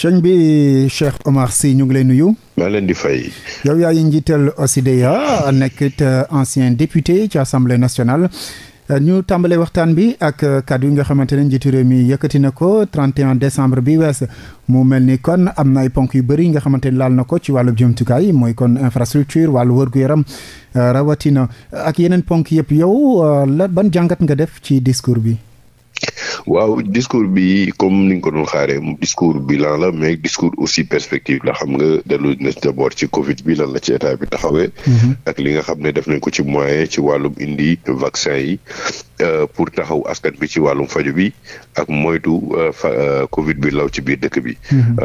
coñ bi Cheikh Omar Sy ñu ngi lay nuyu. maa leen di fay. yow yaa ngi njiital OSIDEA nekkit euh, ancien député ci assemblée nationale euh, ñu tàmbalee waxtaan bi ak euh, kàddu yi nga xamante ne njiitu réew mi yëkkati na ko 31 décembre bi wees mu mel ni kon am na ay ponk yu bëri nga xamante ne laal na ko ci wàllu jumtukaay mooy kon infrastructure wàllu wërgu-yaram rawatina ak yeneen ponk yëpp yow la ban jàngat nga def ci discours bi. waaw discours bi comme ni nga ko doon xaaree discours bilan la mais discours aussi perspective la xam nga dellu na d'abord ci Covid bi lan la ci état bi taxawee. Mhm. ak li nga xam ne def nañ ko ci moyen ci wàllum indi vaccin yi euh, pour taxaw askan bi ci wàllum faju bi ak moytu euh, euh, Covid bi law ci biir dëkk bi. Mhm.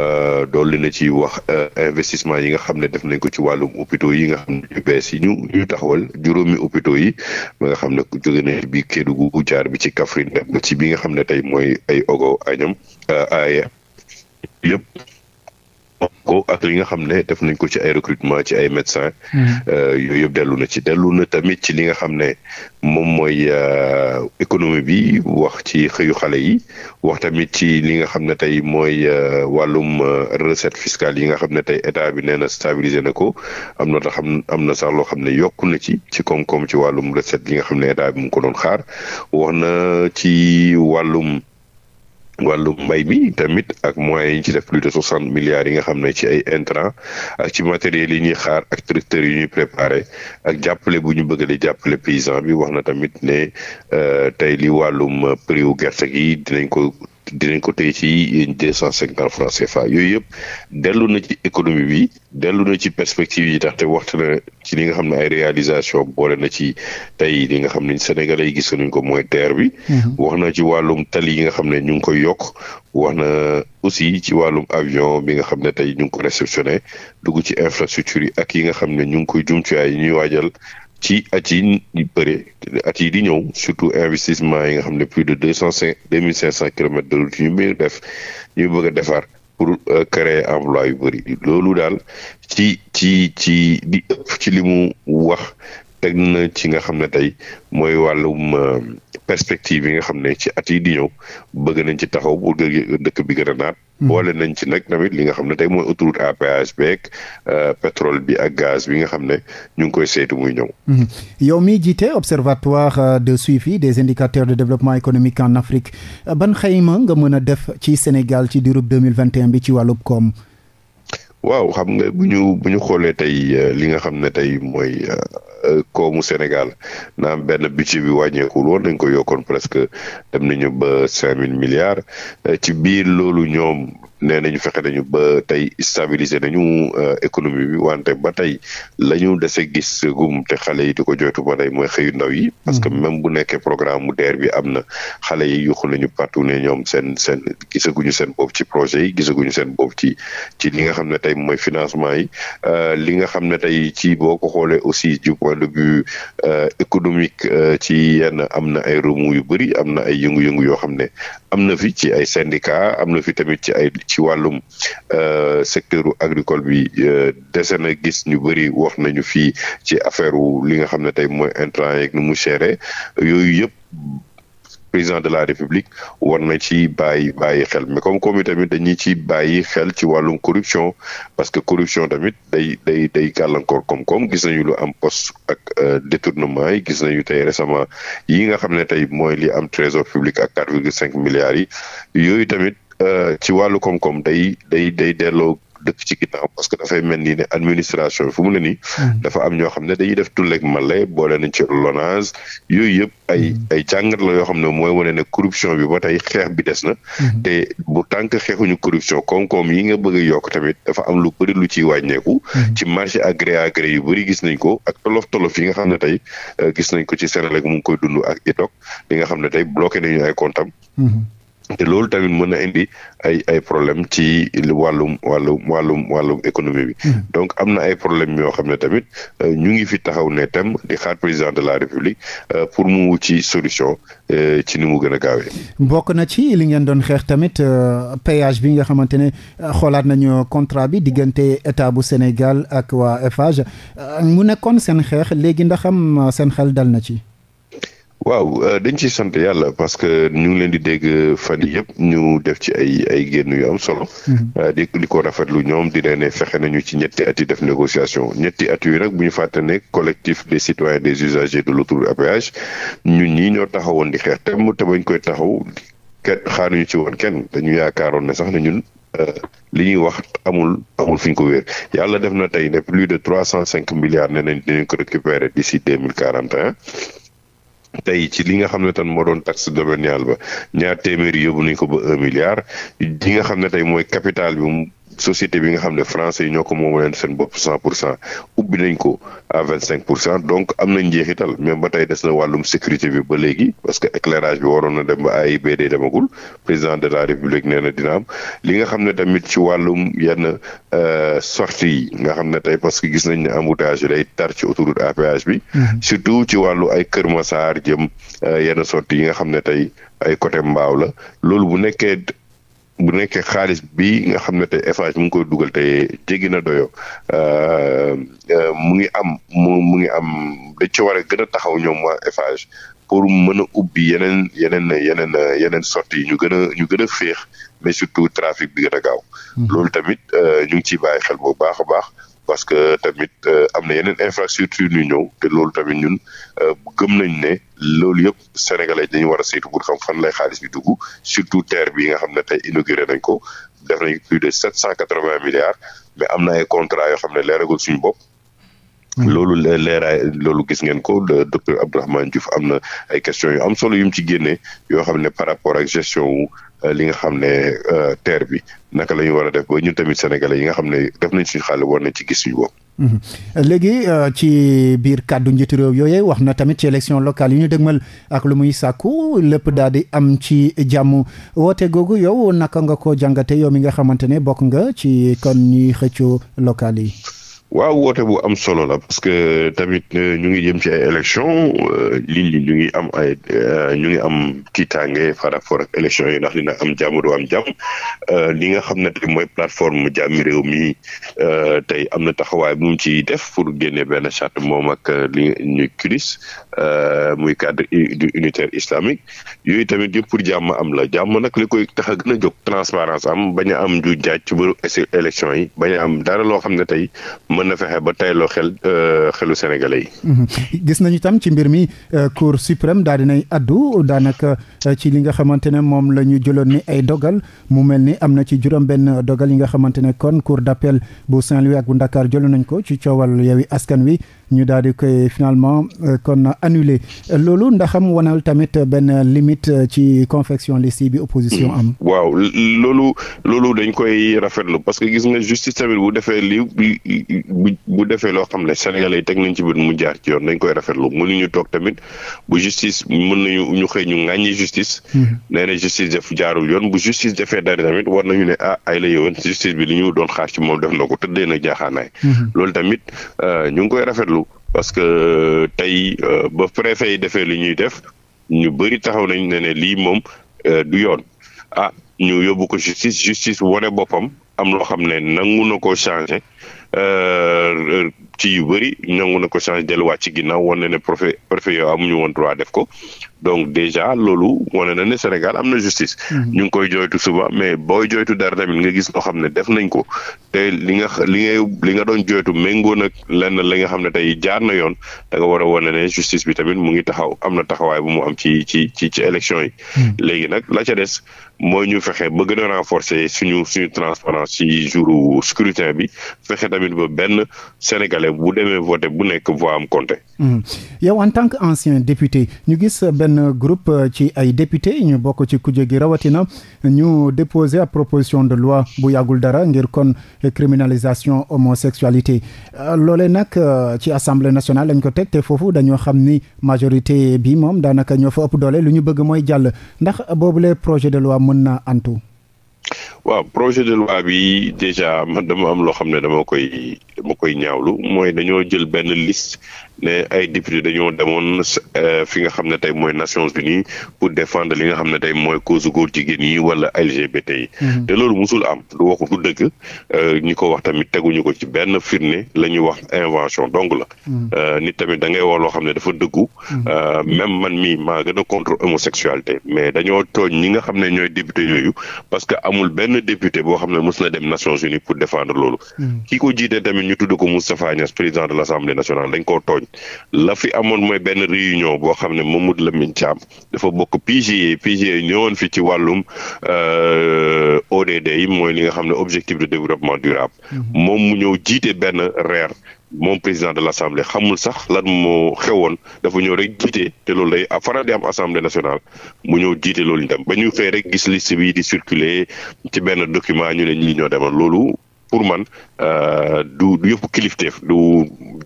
dolli na ci wax investissement yi nga xam ne def nañ ko ci wàllum hôpitaux yi nga xam ne yu bees yi ñu ñu juróomi hôpitaux yi ba nga xam ne jóge na bi Kédougou jaar bi ci Kaffrine ci bi nga xam ne tey mooy ay ogo añam euh, ay yëpp ko ak li nga xam ne def nañ ko ci ay recrutement ci ay médecins. Hmm. Euh, yooyu yëpp dellu na ci dellu na tamit ci li nga xam ne moom mooy euh, économie bi wax ci xëyu xale yi wax tamit ci li nga xam ne tey mooy euh, wàllum recette fiscale yi nga xam ne tey état bi nee na stabiliser na ko am na tax am na sax loo xam ne yokku na ci ci koom-koom ci wàllum recette li nga xam ne état bi mu ko doon xaar wax na ci wàllum. wàllu mbay mi tamit ak moyens yi ñu ci def plus de soixante milliards yi nga xam ne ci ay intrants ak ci matériels yi ñuy xaar ak tracteurs yi ñuy préparé ak jàppale bu ñu bëgg di jàppale paysan bi wax na tamit ne euh, tey li wàllum prix wu gerte gi dinañ ko. dinañ ko téye ci deux cent cinquante franc fa yooyu yëpp dellu na ci économie bi dellu na ci perspective yi tax te waxtu na ci li nga xam ne ay réalisation boole na ci tey li nga xam ne sénégalais yi gis nañ ko mooy terre bi. Mhm. wax na ci wàllum tali yi nga xam ne ñu ngi koy yokk wax na aussi ci wàllum avion bi nga xam ne tey ñu ngi ko réceptionné dugg ci infrastructure yi ak yi nga xam ne ñu ngi koy jumtuwaay yi ñuy waajal. ci at yi ñu bëree at yi di ñëw surtout investissement yi nga xam ne plus de deux cent cinq deux mille cinq cent kilomètres de route ñu bëgg def ñu bëgg a defar pour euh, créer emploi yu bëri loolu daal ci ci ci di ëpp ci li mu wax teg na ci nga xam ne tey mooy wàllum euh, perspective yi nga xam ne ci at yi di ñëw bëgg nañ ci taxaw pour dëkk bi gën a naat. Hmm. boole nañ ci nag tamit li nga xam ne tey mooy autoroute à péage beeg euh, pétrole bi ak gaz bi nga xam ne ñu ngi koy saytu muy ñëw. Hmm. yow mi jiite observatoire euh, de suivi des indicateurs de développement économique en Afrique ban xayma nga mën a def ci Sénégal ci diirub 2021 bi ci wàllub koom. waaw xam nga bu ñu bu ñu xoolee tey li nga xam ne tey mooy. Euh, koomu Sénégal naam benn budget bi wàññeekul woon dañ ko yokkoon presque dem nañu ba cinq mille milliards euh, ci biir loolu ñoom nee nañu fexe nañu ba tey stabiliser nañu euh, économie bi wante ba tey la ñu dese gis gum te xale yi di ko joytu ba tey mooy xëyu ndaw yi mm-hmm. parce que même bu nekkee programme mu DER bi am na xale yi yuxu nañu partout ne ñoom seen seen gisaguñu seen bopp ci projet yi gisaguñu seen bopp ci ci li nga xam ne tey mooy financement yi euh, li nga xam ne tey ci boo ko xoolee aussi du point de vue euh, économique ci yenn am na ay remous yu bëri am na ay yëngu-yëngu yoo xam ne am na fi ci ay syndicat am na fi tamit ci ay ci wàllum euh, secteur agricole bi euh, dese na gis ñu bëri wax nañu fii ci affaire wu li nga xam ne tey mooy intrant yeeg nu mu yooyu yëpp président de la république war na ci bàyyi bàyyi xel mais comme comme tamit dañuy ci bàyyi xel ci wàllum corruption parce que corruption tamit day day day gàllankoor koom-koom gis nañu lu am post ak euh, détournement yi gis nañu tey récemment yi nga xam ne tey mooy li am trésor public ak quatre virgule cinq milliards yi yooyu tamit Euh, ci wàllu koom-koom day day day delloo dëkk ci ginnaaw parce que dafay mel nii ne administration fu mu ne nii. Hmm. dafa am ñoo xam ne dañuy def tulleeg male boole nañ ci lonage yooyu yëpp ay hmm. ay jàngat la yoo xam ne mooy wane ne corruption bi ba tey xeex bi des na. Hmm. te bu tànk xeexuñu corruption koom-koom yi nga bëgg yokk tamit dafa am lu bëri lu ciy wàññeeku. ci marché agré agré yu bëri gis nañ ko ak tolof tolof yi nga xam ne tey euh, gis nañ ko ci Senelec mu ngi koy dund ak ITOC li nga xam ne tey bloqué nañu ay comptam te loolu tamit mën a indi ay ay problème ci wàllum wàllum wàllum wàllum économie bi. Hmm. donc am na ay problème yoo xam ne tamit euh, ñu ngi fi taxaw ne tam di xaar président de la république euh, pour mu wu ci solution euh, ci ni mu gën a gaawee. bokk na ci li ngeen doon xeex tamit péyage bi nga xamante ne xoolaat nañu contrat bi diggante état bu Sénégal ak waa Eiffage mu nekkoon seen xeex léegi ndax am seen xel dal na ci. waaw euh, dañ ciy sant yàlla parce que ñu ngi leen di dégg fan yi yëpp ñu def ci ay ay génn yu am solo. Mhm. Euh, di di ko rafetlu ñoom di leen ne fexe nañu ci ñetti at yi def négociation ñetti at yi nag bu ñu fàtte ne collectif des citoyens des usagers de l'autoroute à péage ñun ñii ñoo taxawoon di xeex tem te bañ koy taxaw kenn ñu ci woon kenn dañu yaakaaroon ne sax ne ñun. Euh, li ñuy wax amul amul fi ñu ko wér yàlla def na tey ne plus de trois cent cinq milliards ne nañ dinañ ko récupérer d'ici deux mille quarante et un tey ci li nga xam ne tan moo doon taxe domaniale ba ñaar téeméeri yóbbu nañ ko ba un milliard li nga xam ne tey mooy capital bi société bi nga xam ne france yi ñoo ko moomu leen seen bopp cent pour cent ubbi nañ ko à vingt cinq pour cent donc am na njeexital même ba tey des na wàllum sécurité bi ba léegi parce que éclairage bi waroon na dem ba AIBD demagul président de la république nee na dina am li nga xam ne tamit ci wàllum yenn euh, sortie yi nga xam ne tey parce que gis nañ ne embouteillage yi ci autoroute à péage bi mm-hmm. surtout ci wàllu ay Kër Massar jëm euh, yenn sortie yi nga xam ne tey ay côté mbaaw la loolu bu nekkee bu nekkee xaalis bi nga xam ne tey Eiffage mu ngi koy dugal te jéggi na doyo euh, euh, mu ngi am mu mu ngi am dañ ci war a taxaw ñoom waa Eiffage pour mën a ubbi yeneen yeneen yeneen yeneen sortie yi ñu gën a ñu gën a féex mais surtout trafic bi gën a hmm. loolu tamit euh, ñu ngi ciy bàyyi xel bu baax a baax. parce que tamit euh, am na yeneen infrastructure yu ñëw te loolu tamit ñun euh, gëm nañ ne loolu yëpp sénégalais dañu war a saytu pour xam fan lay xaalis bi dugg surtout terre bi nga xam ne tey inauguré nañ ko def nañ plus de sept cent quatre vingt milliards mais am na ay contrat yo xam ne leeragul suñu bopp. Mm-hmm. loolu leeraay loolu gis ngeen ko docteur Abdourahmane Diouf am na ay questions yu am solo yu mu ci génnee yoo xam ne par rapport a gestion wu Euh, li nga xam ne euh, terre bi naka la ñu war a def ba ñun tamit sénégalais yi nga xam ne def nañ suñu xaalis war ci gis suñu bopp. Mhm. léegi euh, ci biir kàddu njiitu réew yooyu wax na tamit ci élection locale yi ñu dëgmal ak lu muy sàkku lépp daal di am ci jàmm woote googu yow naka nga ko jàngate yow mi nga xamante ne bokk nga ci kon ñuy xëccoo locale yi. waaw woote bu am solo la parce que tamit euh, ñu ngi jëm ci ay li euh, ñu ngi am ay euh, ñu ngi am tiitaange par rapport ak élections yi ndax dina am jàmm du am jàmm li nga xam ne tey mooy plateforme jàmmi réew mi tey am na taxawaay bu mu ci def pour génne benn charte moom ak li ñuy CUDIS muy cadre du unitaire islamique yooyu tamit yëpp pour jàmm am la jàmm nag li koy tax a gën a jóg transparence am bañ am ju jaaj ci bëru élection yi bañ a am dara loo xam ne tey. mën na fexe ba tayloo xel euh, xelu sénégalais yi. Mhm. gis nañu tam ci mbir mi euh, cour suprême daal dinay addu daanaka euh, ci li nga xamante ne moom la ñu jëloon ni ay dogal mu mel ni am na ci juróom-benn dogal yi nga xamante ne kon cour d'appel bu Saint-Louis ak bu Ndakaar jëloon nañ ko ci coowal Yewwi Askan Wi. ñu daal di koy finalement euh, kon annulé euh, loolu ndax am wanal tamit benn limite euh, ci confection liste yi bi opposition am. waaw loolu loolu dañ koy rafetlu parce que gis nga justice tamit bu defee lii bu bu defee loo xam ne sénégalais yi teg nañ ci bët mu jaar ci yoon dañ koy rafetlu mënuñu toog tamit bu justice mën nañu ñu xëy ñu ŋàññi justice. Mm-hmm. nee na justice def jaarul yoon bu justice defee dara tamit war nañu ne ah ay la yowoon justice bi li ñu doon xaar ci moom def na ko tëddee na jaaxaanaay. Mm-hmm. loolu tamit ñu ngi koy rafetlu. parce que euh, tey euh, ba préfet yi defee li ñuy def ñu bëri taxaw nañ ne ne lii moom euh, du yoon ah ñu yóbbu ko justice justice wane boppam am loo xam ne nangu na ko changé ci yu bëri nangu na ko changé delluwaat ci ginnaaw wane ne préfet préfet yoo amuñu woon droit def ko donc déjà loolu wane na ne Sénégal am na justice. Mhm. ñu ngi koy jooytu souvent mais booy jooytu dara tamit nga gis loo xam ne def nañ ko te li nga li ngay li nga doon jooytu méngoo nag lenn li nga xam ne tey jaar na yoon da nga war a wane ne justice bi tamit mu ngi taxaw am na taxawaay bu mu am ci ci ci ci élection yi. Mhm. léegi nag la ca des mooy ñu fexe ba gën a renforcer suñu suñu transparence ci jouru scrutin bi fexe tamit ba benn sénégalais bu demee voté bu nekk voix am compté. Hmm. yow en tant que ancien député ñu gis benn groupe euh, ci ay député ñu bokk ci kuje gi rawatina ñu déposé a proposition de loi bu yàggul dara ngir kon criminalisation homosexualité euh, loole nag euh, ci assemblée nationale dañ ko teg te foofu dañoo xam ni majorité bi moom daanaka ñoo fa ëpp doole lu ñu bëgg mooy jàll ndax boobule projet de loi mën na antu waaw projet de loi bi déjà man dama am loo xam ne dama koy dama koy ñaawlu mooy dañoo jël benn liste ne ay député dañoo demoon euh, fi nga xam ne tey mooy Nations Unies pour défendre li nga xam ne tey mooy cause góor jigéen yi wala LGBT yi. Mhm. te loolu mosul am du waxu du dëgg euh, ñi ko wax tamit ñu ko ci benn firnde la ñuy wax invention donc la. Mhm. Euh, nit tamit da ngay wax loo xam ne dafa dëggu. Mhm. même man mii maa gën a contre homosexualité mais dañoo tooñ ñi nga xam ne ñooy député yooyu parce que amul benn député boo xam ne mos na dem Nations Unies pour défendre loolu. ki la fi amoon mooy benn réunion boo xam ne moom Mamadou Lamine Thiam dafa bokk PGE PGE ñëwoon fi ci wàllum euh, ODD yi mooy li nga xam ne objectif de développement durable mm-hmm. moom mu ñëw jiite benn reer moom président de l' assemblée xamul sax lan moo xewoon dafa ñëw rek jiite te loolu day a di am assemblée nationale mu ñëw jiite loolu ñu tam ba ñu xëy rek gis liste bi di circuler ci benn document ñu ne ñii ñoo demal loolu pour man euh, du du yëfu kilifteef du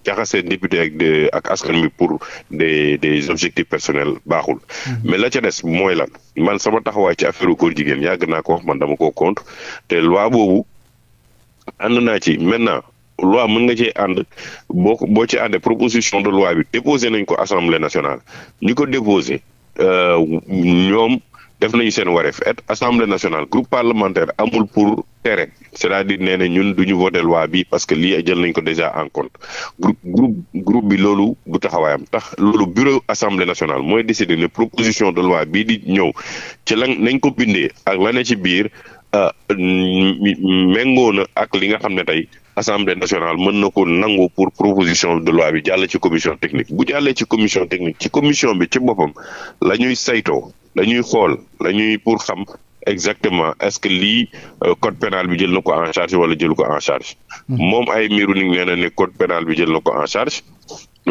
jaxase député ak de ak askan bi pour des des objectifs personnels baaxul. Mhm. mais la ca des mooy lan man sama taxawaay ci affaire góor jigéen yàgg naa ko wax man dama ko contre te loi boobu and naa ci maintenant. loi mën nga cee ànd boo ko boo ci àndee proposition de loi bi déposé nañ ko assemblée nationale ñu ko déposé euh, ñoom def nañu seen wareef et assemblée nationale groupe parlementaire amul pour tere c'est-à-dire nee na ñun du ñu voté loi bi parce que lii jël nañ ko déjà en compte groupe bi loolu du taxawaayam tax loolu bureau assemblée nationale mooy décider ne proposition de loi bii di ñëw ci lan nañ ko bindee ak la ci biir euh, méngoo na ak li nga xam ne tey assemblée nationale mën na ko nangu pour proposition de loi bi jàll ci commission technique bu jàllee ci commission technique ci commission bi ci boppam la ñuy saytoo la ñuy xool la pour xam exactement est-ce que lii euh, code pénal bi jël na ko en charge wala jël ko en charge. Hmm. moom ay miiru ni nee na ne code pénal bi jël na ko en charge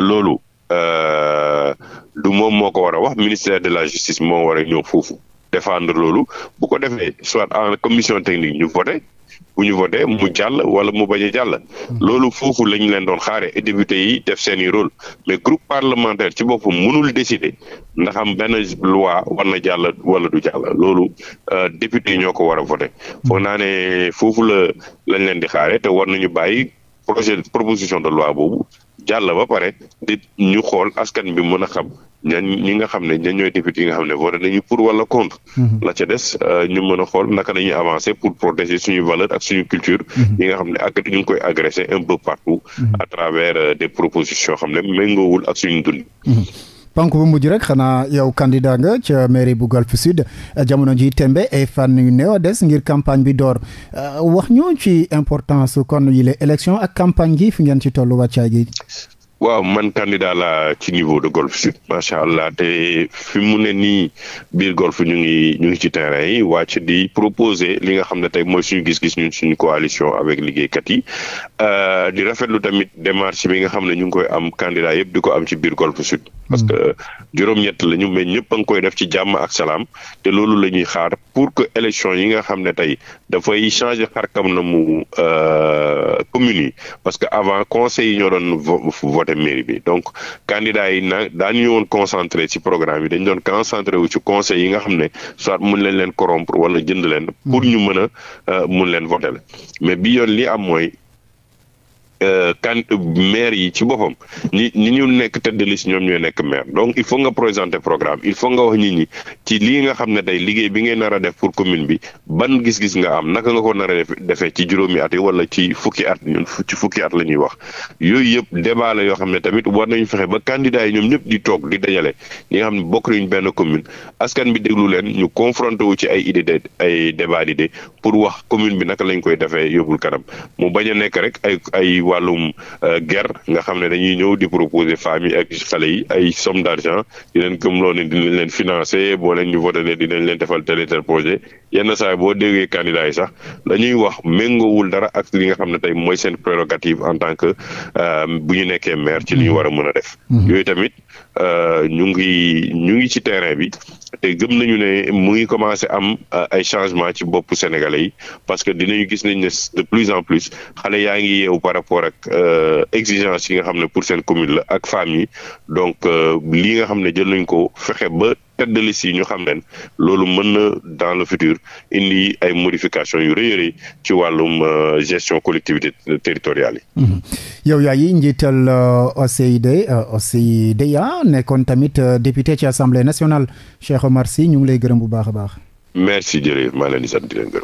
loolu euh, du moom moo ko war a wax ministère de la justice moo war a ñëw foofu. défendre loolu bu ko defee soit en commission technique ñu voté bu ñu voté mu jàll wala mu bañ a jàll. loolu foofu la ñu leen doon xaaree et député yi def seeni rôle mais groupe parlementaire ci boppam munul décider ndax am benn loi war na jàll wala du jàll loolu euh, député yi ñoo ko war a voté. foog naa ne foofu la lañ leen di xaaree te war ñu bàyyi projet proposition de loi boobu jàll ba pare di ñu xool askan bi mën a xam. ñan ñi nga xam ne ñan ñooy député yi nga xam ne voté nañu pour wala contre. Mm-hmm. la ca des euh, ñu mën a xool naka la ñuy avancer pour protéger suñu valeur ak suñu culture. yi mm-hmm. nga xam ne ak ñu ngi koy agressé un peu partout. Mm-hmm. à travers euh, des propositions xam ne méngoowul ak suñu dund. pank bu mujj rek xanaa yow candidat nga ca mairie bu Golf Sud euh, jamono ji tembe ay fan yu néew a des ngir campagne bi door wax ñu ci importance kon yile élection ak campagne gi fi ngeen ci tollu wàccaay gi. waaw man candidat la ci niveau de golf sud macha allah te fi mu ne nii biir golf ñu ngi ñu ngi ci terrain yi wàcc di proposer li nga xam ne tey mooy suñu gis-gis ñun suñu coalition avec liggéeykat yi euh, di rafetlu tamit démarche bi nga xam ne ñu ngi koy am candidat yëpp di ko am ci biir golf sud. parce que juróom-ñett la ñu mais ñëpp a ngi koy def ci jàmm ak salaam te loolu la ñuy xaar pour que élection yi nga xam ne tey dafay changer xarkam na mu euh, commune yi parce que avant conseil yi dem mairie bi donc candidat yi na daañu woon concentré si programme yi dañ doon concentré wu ci conseil yi nga xam ne soit mun leen leen corrompre wala jënd leen pour hmm. ñu mën a euh, mun leen voter mais bi yoon li am mooy Euh, kan maire yi ci boppam ñi ñi ñu nekk tête de liste ñoom ñooy nekk maire donc il faut nga présenter programme il faut nga wax nit ñi ci lii nga xam ne tey liggéey bi ngay nar a def pour commune bi ban gis-gis nga am naka nga ko nar a defee ci juróomi at yi wala ci fukki at ñun ci fukki at la ñuy wax yooyu yëpp débat yoo xam ne tamit war nañu fexe ba candidats yi ñoom ñëpp di toog di dajale ñi xam ne bokk nañu benn commune askan bi déglu leen ñu confronté wu ci ay idée de ay débat d'idée pour wax commune bi naka lañ koy defee yóbbul kanam mu bañ a nekk rek ay ay wàllum euh, guerre nga xam ne dañuy ñëw di proposer femmes yi ay somme d' argent leen gëmloo ne dinañ leen financer boo leen ñu voté di leen defal tel tel projet yenn saa yi boo déggee candidat yi sax dañuy wax méngoowul dara ak li nga xam ne tey mooy seen prérogative en tant que euh, bu ñu nekkee maire ci li ñu mm-hmm. war a mën a def mm-hmm. yooyu tamit Euh, ñu ngi ñu ngi ci terrain bi te gëm nañu ne mu ngi commencé am euh, ay changement ci bopp sénégalais yi parce que dinañu gis nañ ne de plus en plus xale yaa ngi yeewu par rapport ak euh, exigence yi nga xam ne pour seen commune la ak femmes yi donc lii nga xam ne jël nañ ko fexe ba tête de liste yi ñu xam leen loolu mën na dans le futur indi ay modification yu rëy a rëy ci wàllum euh, gestion collectivité territoriale yi. Mmh. yow yaa yi njiital euh, OCID euh, OCID yaa ah, nekkoon tamit député ci assemblée nationale Cheikh Omar ñu ngi lay gërëm bu baax a baax. merci jërëjëf